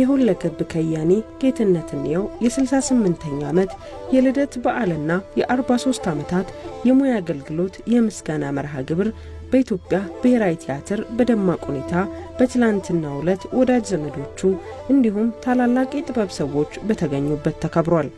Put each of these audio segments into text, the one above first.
የሁለገብ ከያኔ ጌትነት እንየው የ68ኛ ዓመት የልደት በዓልና የ43 ዓመታት የሙያ አገልግሎት የምስጋና መርሃ ግብር በኢትዮጵያ ብሔራዊ ቲያትር በደማቅ ሁኔታ በትላንትናው ዕለት ወዳጅ ዘመዶቹ እንዲሁም ታላላቅ የጥበብ ሰዎች በተገኙበት ተከብሯል።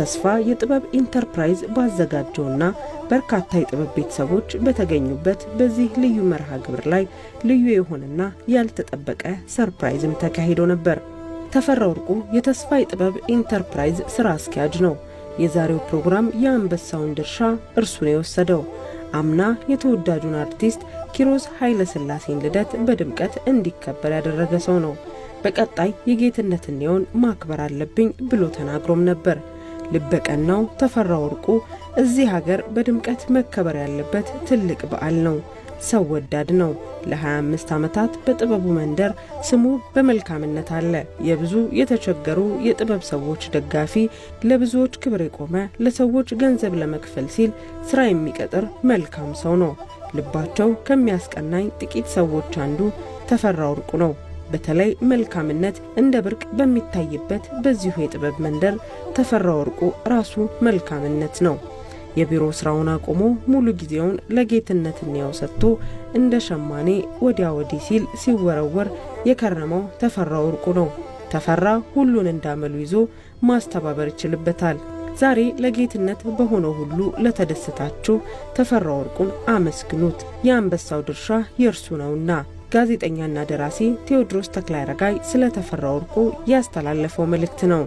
ተስፋ የጥበብ ኢንተርፕራይዝ ባዘጋጀውና በርካታ የጥበብ ቤተሰቦች በተገኙበት በዚህ ልዩ መርሃ ግብር ላይ ልዩ የሆነና ያልተጠበቀ ሰርፕራይዝም ተካሂዶ ነበር። ተፈራ ወርቁ የተስፋ የጥበብ ኢንተርፕራይዝ ስራ አስኪያጅ ነው። የዛሬው ፕሮግራም የአንበሳውን ድርሻ እርሱ ነው የወሰደው። አምና የተወዳጁን አርቲስት ኪሮስ ኃይለሥላሴን ልደት በድምቀት እንዲከበር ያደረገ ሰው ነው። በቀጣይ የጌትነት እንየውን ማክበር አለብኝ ብሎ ተናግሮም ነበር። ልበቀናው ተፈራ ወርቁ እዚህ ሀገር በድምቀት መከበር ያለበት ትልቅ በዓል ነው። ሰው ወዳድ ነው። ለ25 ዓመታት በጥበቡ መንደር ስሙ በመልካምነት አለ። የብዙ የተቸገሩ የጥበብ ሰዎች ደጋፊ፣ ለብዙዎች ክብር የቆመ ለሰዎች ገንዘብ ለመክፈል ሲል ስራ የሚቀጥር መልካም ሰው ነው። ልባቸው ከሚያስቀናኝ ጥቂት ሰዎች አንዱ ተፈራ ወርቁ ነው። በተለይ መልካምነት እንደ ብርቅ በሚታይበት በዚሁ የጥበብ መንደር ተፈራ ወርቁ ራሱ መልካምነት ነው። የቢሮ ስራውን አቁሞ ሙሉ ጊዜውን ለጌትነት እንያው ሰጥቶ እንደ ሸማኔ ወዲያ ወዲህ ሲል ሲወረወር የከረመው ተፈራ ወርቁ ነው። ተፈራ ሁሉን እንዳመሉ ይዞ ማስተባበር ይችልበታል። ዛሬ ለጌትነት በሆነው ሁሉ ለተደሰታችሁ ተፈራ ወርቁን አመስግኑት፣ የአንበሳው ድርሻ የእርሱ ነውና። ጋዜጠኛና ደራሲ ቴዎድሮስ ተክለአረጋይ ስለ ተፈራ ወርቁ ያስተላለፈው መልእክት ነው።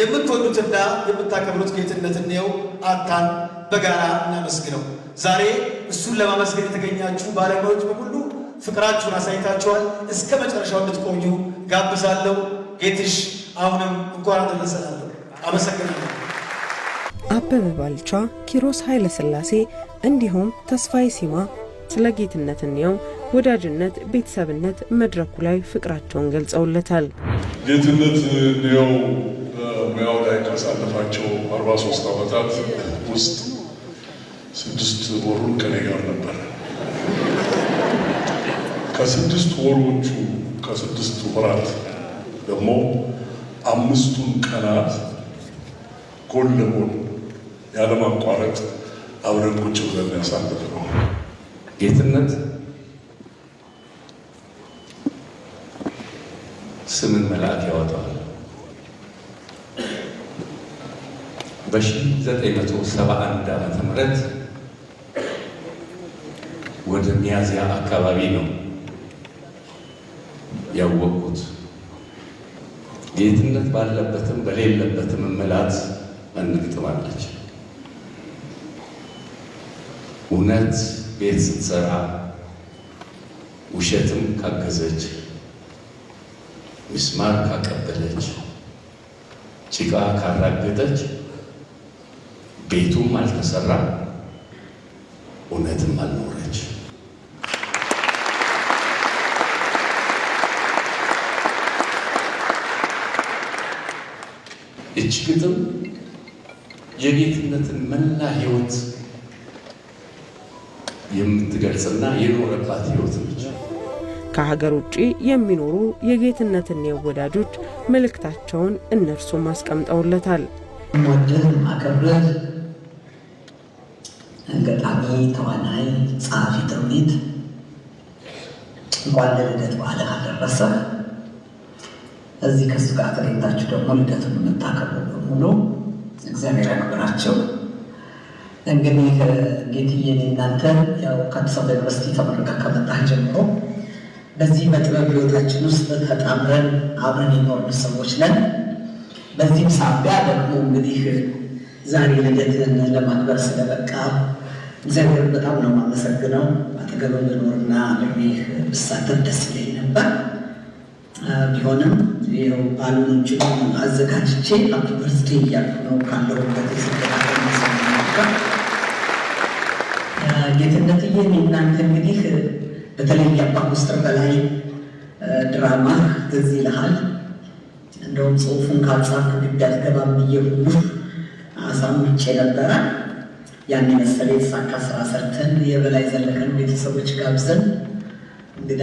የምትወዱትና የምታከብሩት ጌትነት እንየው አታን በጋራ እናመስግነው። ዛሬ እሱን ለማመስገን የተገኛችሁ ባለሙያዎች በሁሉ ፍቅራችሁን አሳይታችኋል። እስከ መጨረሻው እንድትቆዩ ጋብዛለሁ። ጌትሽ አሁንም እንኳን አደረሰላለሁ። አመሰግናለሁ። አበበ ባልቻ፣ ኪሮስ ስላሴ እንዲሁም ተስፋዬ ሲማ ስለ ጌትነት እንየው ወዳጅነት፣ ቤተሰብነት መድረኩ ላይ ፍቅራቸውን ገልጸውለታል። ጌትነት እንየው ሙያው ላይ ካሳለፋቸው አርባ ሶስት ዓመታት ውስጥ ስድስት ወሩን ከኔ ጋር ነበር። ከስድስት ወሮቹ ከስድስት ወራት ደግሞ አምስቱን ቀናት ጎን ለጎን ያለማቋረጥ አብረን ቁጭ ብለን ነው። ጌትነት ስምን መላክ በ1971 ዓመተ ምህረት ወደ ሚያዝያ አካባቢ ነው ያወቅኩት። ጌትነት ባለበትም በሌለበትም እምላት እንግጥማለች። እውነት ቤት ስትሰራ ውሸትም ካገዘች፣ ምስማር ካቀበለች፣ ጭቃ ካራገጠች ቤቱም አልተሰራ፣ እውነትም አልኖረች። እች ግጥም የቤትነትን መላ ህይወት የምትገልጽና የኖረባት ህይወት ነች። ከሀገር ውጭ የሚኖሩ የጌትነትን የወዳጆች መልእክታቸውን እነርሱም አስቀምጠውለታል። ገጣሚ፣ ተዋናይ፣ ጸሐፊ ትርኢት እንኳን ለልደት በዓል አደረሰ። እዚህ ከሱ ጋር ተገኝታችሁ ደግሞ ልደቱን የምታከብሩ በሙሉ እግዚአብሔር ያክብራቸው። እንግዲህ ጌትዬ እናንተ ያው ከአዲስ አበባ ዩኒቨርሲቲ ተመርቃ ከመጣህ ጀምሮ በዚህ በጥበብ ሕይወታችን ውስጥ ተጣምረን አብረን የኖርን ሰዎች ነን። በዚህም ሳቢያ ደግሞ እንግዲህ ዛሬ ልደትን ለማክበር ስለበቃ እግዚአብሔር በጣም ነው የማመሰግነው። አጠገብ ብኖርና ለሚህ ብሳተፍ ደስ ይለኝ ነበር። ቢሆንም ይኸው ባሉኖች አዘጋጅቼ አፕ በርስቴ እያልኩ ነው ካለሁበት ስደጋ ጌትነትዬን እናንተ እንግዲህ በተለይ የአባ ምስጢር በላይ ድራማ ትዝ ይልሃል። እንደውም ጽሁፉን ካልጻፍ ግቢ አትገባም ብዬ ሁሉ ሰምቼ ነበረ። ያን መሰለ የተሳካ ስራ ሰርተን የበላይ ዘለቀን ቤተሰቦች ጋብዘን እንግዳ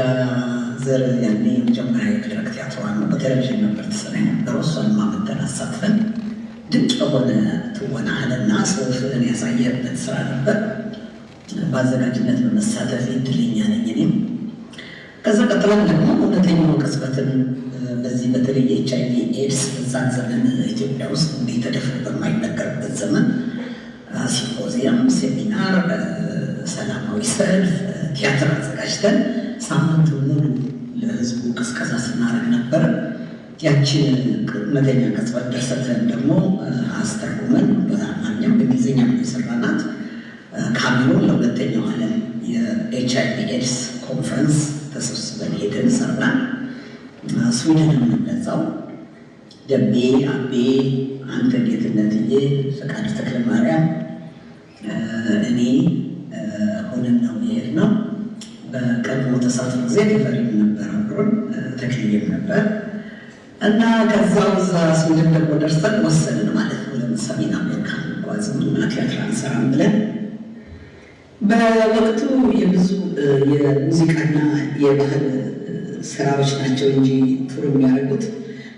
ዘር ያኔ መጀመሪያ የመድረክ ቲያትሯ ነው። በቴሌቪዥን ነበር ተሰራ ነበር። እሷን ማመተን አሳትፈን ድንቅ የሆነ ትወናህንና ጽሁፍን ያሳየበት ስራ ነበር። በአዘጋጅነት በመሳተፍ እድለኛ ነኝ እኔም። ከዛ ቀጥለን ደግሞ እውነተኛውን ቅጽበትን በተለይ ኤች አይ ቪ ኤድስ በዛን ዘመን ኢትዮጵያ ውስጥ እንዲህ ተደፍሮ በማይነገርበት ዘመን ሲምፖዚየም፣ ሴሚናር፣ ሰላማዊ ሰልፍ፣ ቲያትር አዘጋጅተን ሳምንት ሙሉ ለህዝቡ ቅስቀሳ ስናደርግ ነበር። ያችን መተኛ ቅጽበት ደርሰተን ደግሞ አስተርጉመን በአማርኛም በእንግሊዝኛ የሰራናት ካሜሮን ለሁለተኛው ዓለም የኤች አይ ቪ ኤድስ ኮንፈረንስ ተሰብስበን ሄደን ሰራን። ስዊድን የምንነጻው ደቤ አቤ አንተ ጌትነትዬ ፈቃድ ተክለ ማርያም እኔ ሆነን ነው ይሄድ ነው። በቀድሞ ተሳትፎ ጊዜ ተፈሪ ነበር አብሮን ተክልዬም ነበር እና ከዛ ዛ ስዊድን ደግሞ ደርሰን ወሰንን ማለት ነው ለምሳሌን አሜሪካ ጓዝ ምክንያት ትራንስራም ብለን በወቅቱ የብዙ የሙዚቃና የባህል ስራዎች ናቸው እንጂ ቱር የሚያደርጉት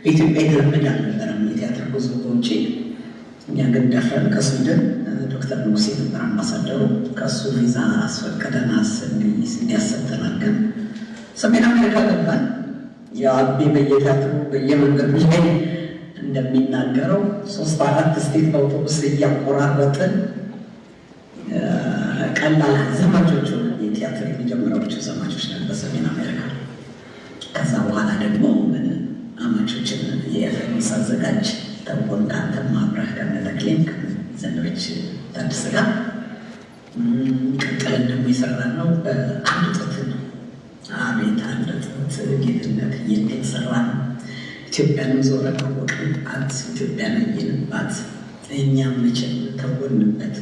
በኢትዮጵያ የተለመደ አልነበረም። የቲያትር ጉዞ በውጭ እኛ ግን ደፍረን ከሱደን ዶክተር ንጉሴ ነበር አምባሳደሩ። ከሱ ቪዛ አስፈቀደና እንዲያሰተናገን ሰሜን አሜሪካ ገባን። የአቤ በየቲያትሩ በየመንገዱ ላይ እንደሚናገረው ሶስት አራት ስቴት በአውቶቡስ እያቆራረጥን ቀላል ዘማቾቹ የቲያትር የመጀመሪያዎቹ ዘማቾች ነበር በሰሜን አሜሪካ ከዛ በኋላ ደግሞ አማቾችን የኤፍኤምስ አዘጋጅ ተቦን ከአንተም አብረህ ከነተክሌም ዘንዶች ታድስ ጋር ቀጥለን ደግሞ የሰራ ነው አንድ ጥት ነው። አቤት አንድ ጥት ጌትነት የቤት ሰራ ነው። ኢትዮጵያንም ዞረ ታወቅን ኢትዮጵያን አየንባት እኛም መቼም ተወንበት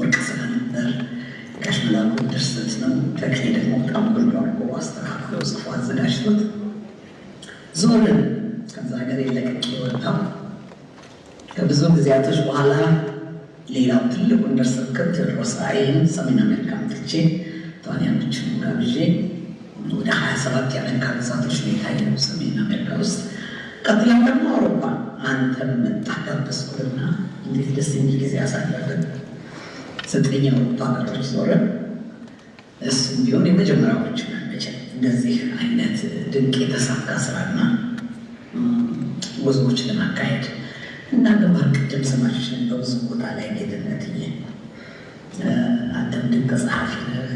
ወርቅ ስራ ነበር ተጠቃሽ ምናምን ድርሰት ነው። ተክሌ ደግሞ በጣም ብሎ አድርጎ አስተካክሎ ጽፎ አዘጋጅቶት ዞርን። ከዛ ሀገር የለቀቅ የወጣው ከብዙ ጊዜያቶች በኋላ ሌላው ትልቁን ድርሰት ከቴዎድሮስ ራዕይን ሰሜን አሜሪካን ትቼ ተዋንያኖችን ጋብዤ ወደ ሀያ ሰባት የአሜሪካ ግዛቶች ነው የታየው ሰሜን አሜሪካ ውስጥ። ቀጥለው ደግሞ አውሮፓ አንተን መጣ ጋበዝኩና እንዴት ደስ የሚል ጊዜ ያሳለፍን ዘጠነኛ ወቅቱ ሀገራቱ ዞረን እሱ ቢሆን የመጀመሪያዎች መቸል እንደዚህ አይነት ድንቅ የተሳካ ስራና ጉዞዎችን ለማካሄድ እና ግንባር ቀደም ስማችን በብዙ ቦታ ላይ ጌትነት እየ አንተም ድንቅ ጸሐፊ ነህ፣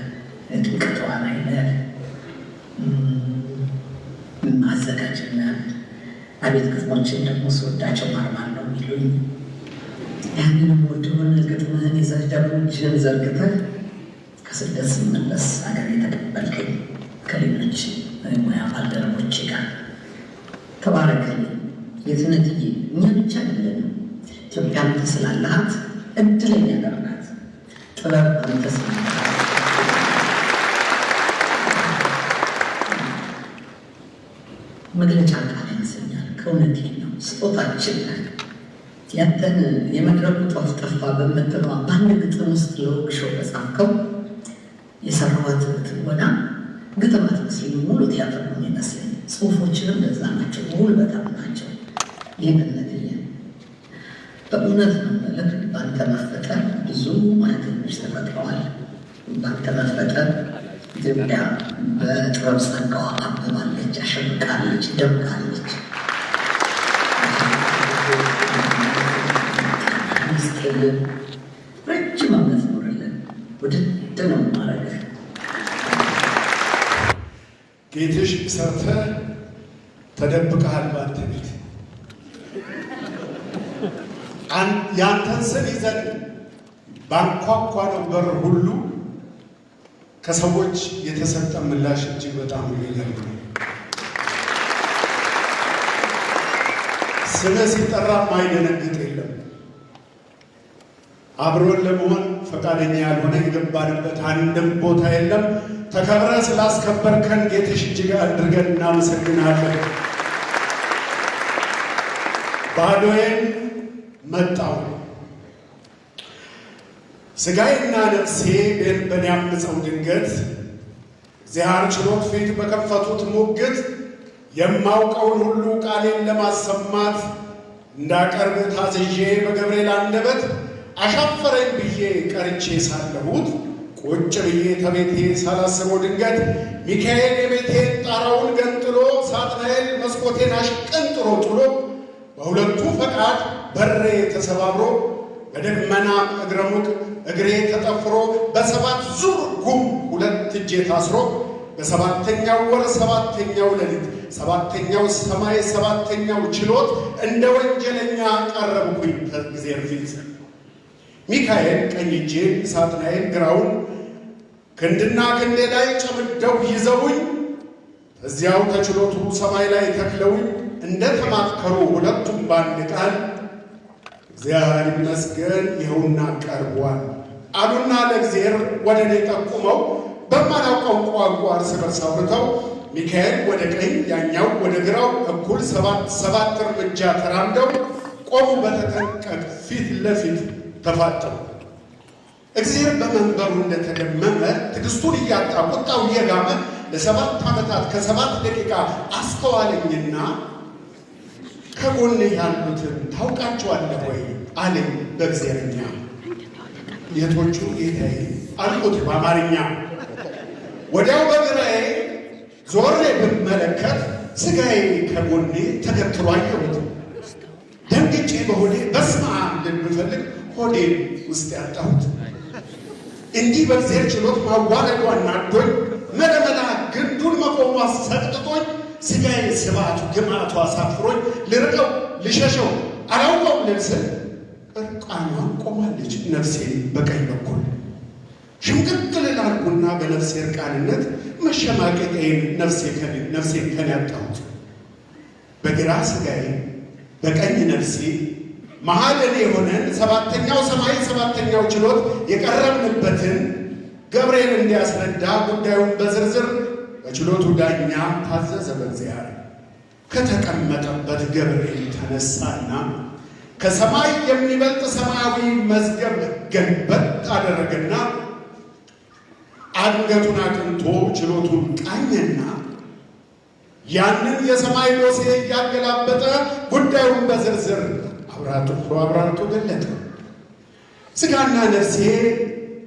ድንቅ ተዋናይ ነህ፣ ማዘጋጅ ነህ። አቤት ግጥሞችን ደግሞ ስወዳቸው ማርማር ነው የሚሉኝ ያንንም ወድ ደግሞ እጅህን ዘርግተህ ከስደት ስመለስ ሀገር የተቀበልከኝ ከሌሎች ሙያ ባልደረቦቼ ጋር ተባረክልኝ። የትነትዬ እኛ ብቻ አይደለንም። ኢትዮጵያ አንተ ስላለሃት እድለኛ ሀገር ጥበብ አንተ መግለጫ ቃል ይመስለኛል። ከእውነት ነው ስጦታችን ናት። ያንተን የመድረኩ ጧፍ ጠፋ በምትለዋ በአንድ ግጥም ውስጥ ለወግሸው በጻፍከው የሰራኋት ትወና ግጥማት አትመስለኝ፣ ሙሉ ቲያትር ነው የሚመስለኝ። ጽሁፎችንም ለዛ ናቸው፣ ውል በጣም ናቸው። ይህንነትየ በእውነት ነው ማለት በአንተ መፈጠር ብዙ ማለተኞች ተፈጥረዋል። ባንተ መፈጠር ኢትዮጵያ በጥበብ ጸጋዋ አብባለች፣ አሸብቃለች፣ ደምቃለች። ይስጥልን። ረጅም ዓመት ኖርልን። ውድድ ነው ማረግ ቤትሽ ሰርተ ተደብቀሃል። ባንተ ቤት ያንተን ስም ይዘን ባንኳኳነው በር ሁሉ ከሰዎች የተሰጠ ምላሽ እጅግ በጣም ይገኛል። ስለ ሲጠራ ማይደነግጥ የለም። አብሮን ለመሆን ፈቃደኛ ያልሆነ የገባንበት አንድም ቦታ የለም። ተከብረ ስላስከበርከን ጌትሽ እጅግ አድርገን እናመሰግናለን። ባዶዬን መጣው ስጋይና ነፍሴ በእኔ ያመፀው ድንገት እግዚአብሔር ችሎት ፊት በከፈቱት ሙግት የማውቀውን ሁሉ ቃሌን ለማሰማት እንዳቀርብ ታዝዤ በገብርኤል አንደበት አሻፈረኝ ብዬ ቀርቼ ሳለሁት ቁጭ ብዬ ተቤቴ ሳላስበው ድንገት ሚካኤል የቤቴን ጣራውን ገንጥሎ ሳጥናኤል መስኮቴን አሽቀንጥሮ ጥሎ በሁለቱ ፈቃድ በሬ ተሰባብሮ በደመና እግረሙቅ እግሬ ተጠፍሮ በሰባት ዙር ጉም ሁለት እጄ ታስሮ በሰባተኛው ወር ሰባተኛው ሌሊት ሰባተኛው ሰማይ ሰባተኛው ችሎት እንደ ወንጀለኛ ቀረብኩኝ ጊዜ ፊት ሚካኤል ቀኝ እጄን፣ ሳጥናኤል ግራውን ክንድና ክንዴ ላይ ጨምደው ይዘውኝ እዚያው ከችሎቱ ሰማይ ላይ ተክለውኝ እንደ ተማከሩ ሁለቱም በአንድ ቃል እግዚአብሔር ይመስገን ይኸውና ቀርቧል አሉና ለእግዚአብሔር ወደ እኔ ጠቁመው በማላውቀው ቋንቋ እርስ በርስ አውርተው ሚካኤል ወደ ቀኝ ያኛው ወደ ግራው እኩል ሰባት ሰባት እርምጃ ተራምደው ቆሙ በተጠንቀቅ ፊት ለፊት ተፋጠሩ። እግዚአብሔር በመንበሩ እንደተደመመ ትዕግስቱን እያጣ ቁጣው እየጋመ ለሰባት ዓመታት ከሰባት ደቂቃ አስተዋለኝና ከጎን ያሉትን ታውቃቸዋለህ ወይ አለኝ በእግዚአብሔርኛ። የቶቹ ጌታዬ አልኩት በአማርኛ። ወዲያው በግራዬ ዞሬ ብመለከት ስጋዬ ከጎኔ ተገትሮ አየሁት። ደንግጬ በሆዴ በስመ አብ ሆዴን ውስጥ ያጣሁት እንዲህ በእግዚአብሔር ችሎት ማዋረዷ አናዶኝ፣ መለመላ ግንዱን መቆሟ ሰቅጥጦኝ፣ ስጋዬ ስባቱ ግማቱ አሳፍሮኝ፣ ልርቀው ልሸሸው አላውቀው ልብስን እርቃኗን ቆማለች ነፍሴ በቀኝ በኩል ሽምቅቅል ላርጉና በነፍሴ እርቃንነት መሸማቀቄን ነፍሴ ከን ያጣሁት በግራ ስጋዬ በቀኝ ነፍሴ መሐልን የሆነን ሰባተኛው ሰማይ ሰባተኛው ችሎት የቀረብንበትን ገብርኤል እንዲያስረዳ ጉዳዩን በዝርዝር በችሎቱ ዳኛ ታዘዘ። በእግዚአብሔር ከተቀመጠበት ገብርኤል ተነሳና ከሰማይ የሚበልጥ ሰማያዊ መዝገብ ገንበት አደረገና አንገቱን አቅንቶ ችሎቱን ቃኘና ያንን የሰማይ ዶሴ እያገላበጠ ጉዳዩን በዝርዝር ፕሮግራምቱ ገለጠ። ስጋና ነፍሴ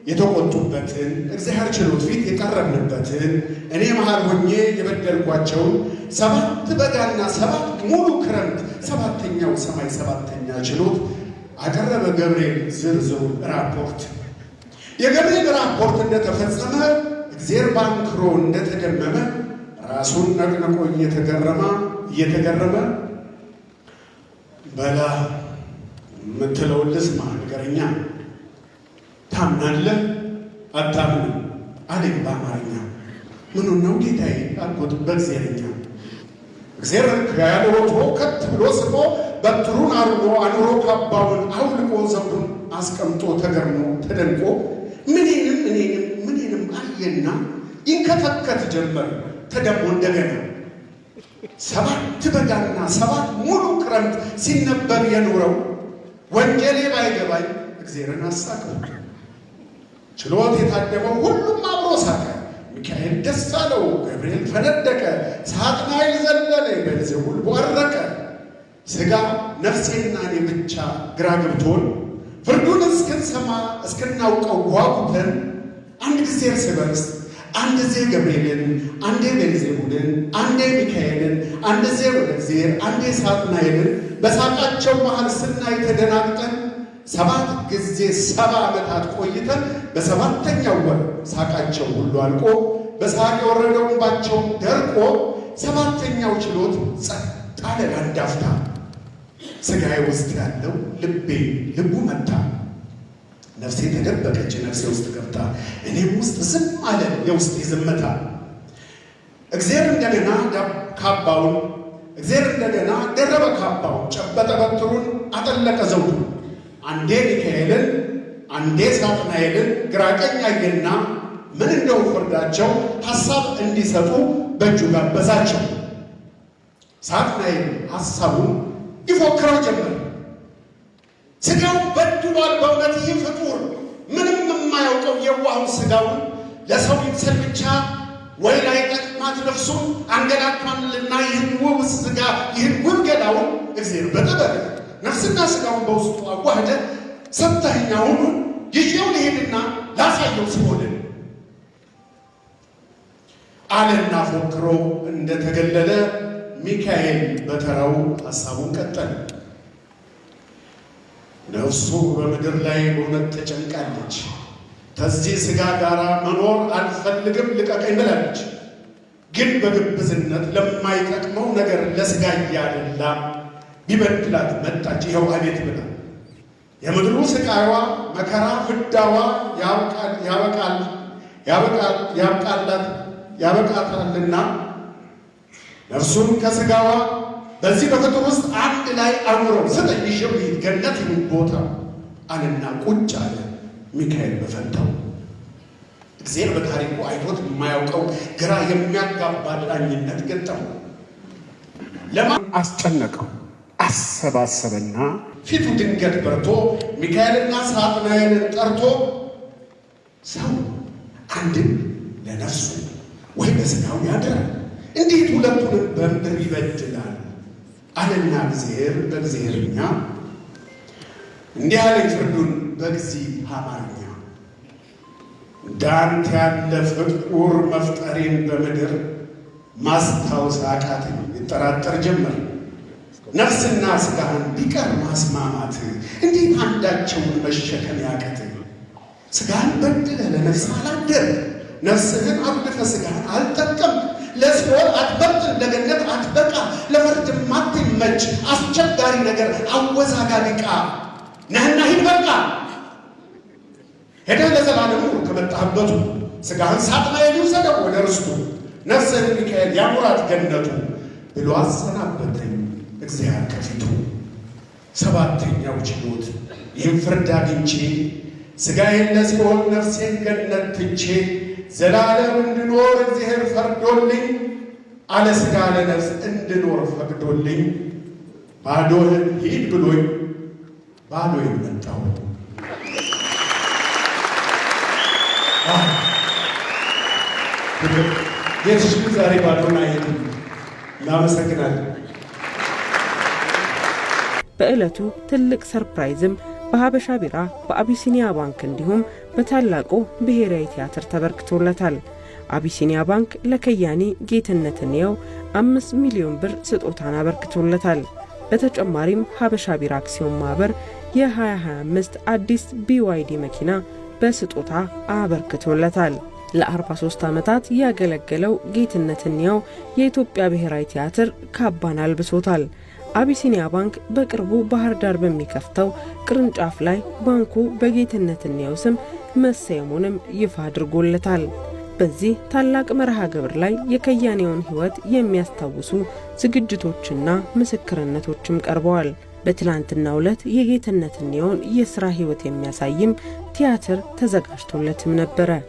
የተቆጡበትን እግዚአብሔር ችሎት ፊት የቀረብንበትን እኔ መሃል ሆኜ የበደልኳቸውን ሰባት በጋና ሰባት ሙሉ ክረምት ሰባተኛው ሰማይ ሰባተኛ ችሎት አቀረበ ገብርኤል ዝርዝሩ ራፖርት። የገብርኤል ራፖርት እንደተፈጸመ እግዜር ባንክሮ እንደተደመመ ራሱን ነቅነቆ እየተገረማ እየተገረመ በላ የምትለውን ልስማ፣ ነገረኛ ታምናለህ አታምንም አለኝ በአማርኛ። ምኑ ነው ጌታዬ አልኩት በእግዜርኛ። እግዜር ከያለ ወጥቶ ከት ብሎ ስቆ በትሩን አርጎ አኑሮ ካባውን አውልቆ ዘውዱን አስቀምጦ ተገርሞ ተደንቆ ምኔንም እኔንም ምኔንም አየና ይንከተከት ጀመር ተደሞ እንደገና ሰባት በጋና ሰባት ሙሉ ክረምት ሲነበር የኖረው ወንጌሌ ባይገባኝ እግዚአብሔርን አሳቀው። ችሎት የታደመው ሁሉም አብሮ ሳቀ። ሚካኤል ደስ አለው፣ ገብርኤል ፈነደቀ፣ ሳጥናኤል ዘለለ፣ ቤልዜቡል ቦረቀ። ሥጋ ነፍሴና እኔ ብቻ ግራ ገብቶን ፍርዱን እስክንሰማ እስክናውቀው ጓጉተን አንድ ጊዜ እርስ በርስ አንድ ዜ ገብርኤልን፣ አንዴ ቤልዜቡልን፣ አንዴ ሚካኤልን፣ አንድ ዜ ወደ እግዚአብሔር፣ አንዴ ሳጥናኤልን በሳቃቸው መሃል ስናይ ተደናግጠን ሰባት ጊዜ ሰባ ዓመታት ቆይተን በሰባተኛው ወር ሳቃቸው ሁሉ አልቆ በሳቅ የወረደው ደርቆ ሰባተኛው ችሎት ጸጥ አለ ለአንድ ውስጥ ያለው ልቤ ልቡ መታ ነፍሴ ተደበቀች፣ ነፍሴ ውስጥ ገብታ እኔ ውስጥ ዝም አለ የውስጥ ዝምታ። እግዚአብሔር እንደገና ካባውን እግዚአብሔር እንደገና ደረበ ካባውን፣ ጨበጠ በትሩን፣ አጠለቀ ዘውዱ። አንዴ ሚካኤልን አንዴ ሳጥናኤልን ግራ አየና ምን እንደው ፍርዳቸው ሐሳብ እንዲሰጡ በእጁ ጋበዛቸው። ሳጥናኤል ሐሳቡን ይፎክረው ጀመረ። ስጋው በድሏል። በእውነት ይህ ፍጡር ምንም የማያውቀው የዋሁን ስጋውን ለሰው ይምሰል ብቻ ወይ ላይ ጠቅማት ለብሶ አንገላቷልና ይህን ውብ ስጋ ይህን ውብ ገላውን እግዚአብሔር በጥበብ ነፍስና ስጋውን በውስጡ አዋህደ ሰብተኛ ሁሉ ይዤው ልሄድና ላሳየው ሲሆንን አለና ፎክሮ እንደተገለለ ሚካኤል በተራው ሀሳቡን ቀጠለ። ነፍሱ በምድር ላይ በእውነት ተጨንቃለች። ከዚህ ስጋ ጋር መኖር አልፈልግም ልቀቀኝ ብላለች። ግን በግብዝነት ለማይጠቅመው ነገር ለስጋ እያደላ ቢበድላት መጣች። ይኸው አቤት ብላ የምድሩ ሥቃይዋ መከራ ፍዳዋ ያበቃላት ያበቃታልና ነፍሱን ከስጋዋ ። በዚህ በቁጥር ውስጥ አንድ ላይ አኖረው። ዘጠኝ ሺህ ገነት ይሁን ቦታ አለና ቁጭ አለ። ሚካኤል በፈንታው እግዚአብሔር በታሪኩ አይቶት የማያውቀው ግራ የሚያጋባ ዳኝነት ገጠመው። ለማን አስጨነቀው፣ አሰባሰበና ፊቱ ድንገት በርቶ ሚካኤልና ሳጥናኤልን ጠርቶ ሰው አንድን ለነፍሱ ወይ በስጋው ያደረ እንዴት ሁለቱንም በምድር ይበድላል? አለና እግዚአብሔር በእግዚአብሔርኛ እንዲህ ያለ ፍርዱን በእግዚአብሔርኛ እንዳንተ ያለ ፍጡር መፍጠሬን በምድር ማስታወስ አቃተኝ። ይጠራጠር ጀመር። ነፍስና ስጋህን ቢቀር ማስማማት እንዴት አንዳቸውን መሸከም ያቀት ስጋህን በድለ ለነፍስ አላደር፣ ነፍስህን አብድፈህ ስጋህን አልጠቀም ለሲኦል አትበጥን፣ ለገነት አትበቃ፣ ለፍርድ ማትመች አስቸጋሪ ነገር፣ አወዛጋቢ ዕቃ ነህና ሂድ በቃ። ሄደህ ለዘላለሙ ከመጣህበቱ ስጋህን ሳጥና የሚውሰደው ወደ ርስቱ፣ ነፍስህን ሚካኤል ያኑራት ገነቱ ብሎ አሰናበተኝ እግዚአብሔር ከፊቱ። ሰባተኛው ችሎት ይህን ፍርድ አግኝቼ ሥጋዬን ለሲኦል ነፍሴን ገነት ትቼ ዘላለም እንድኖር እግዚአብሔር ፈርዶልኝ፣ አለ ሥጋ ለነፍስ እንድኖር ፈቅዶልኝ፣ ባዶህን ሂድ ብሎኝ ባዶዬን መጣሁ። የሱስ ዛሬ ባዶን አየት። እናመሰግናለን። በዕለቱ ትልቅ ሰርፕራይዝም በሀበሻ ቢራ፣ በአቢሲኒያ ባንክ እንዲሁም በታላቁ ብሔራዊ ቲያትር ተበርክቶለታል። አቢሲኒያ ባንክ ለከያኒ ጌትነትን የው አምስት ሚሊዮን ብር ስጦታን አበርክቶለታል። በተጨማሪም ሀበሻ ቢራ አክሲዮን ማህበር የ2025 አዲስ ቢዋይዲ መኪና በስጦታ አበርክቶለታል። ለ43 ዓመታት ያገለገለው ጌትነትን የው የኢትዮጵያ ብሔራዊ ቲያትር ካባን አልብሶታል። አቢሲኒያ ባንክ በቅርቡ ባህር ዳር በሚከፍተው ቅርንጫፍ ላይ ባንኩ በጌትነት እንየው ስም መሰየሙንም ይፋ አድርጎለታል። በዚህ ታላቅ መርሃ ግብር ላይ የከያኔውን ሕይወት የሚያስታውሱ ዝግጅቶችና ምስክርነቶችም ቀርበዋል። በትላንትናው ዕለት የጌትነት እንየውን የሥራ ሕይወት የሚያሳይም ቲያትር ተዘጋጅቶለትም ነበረ።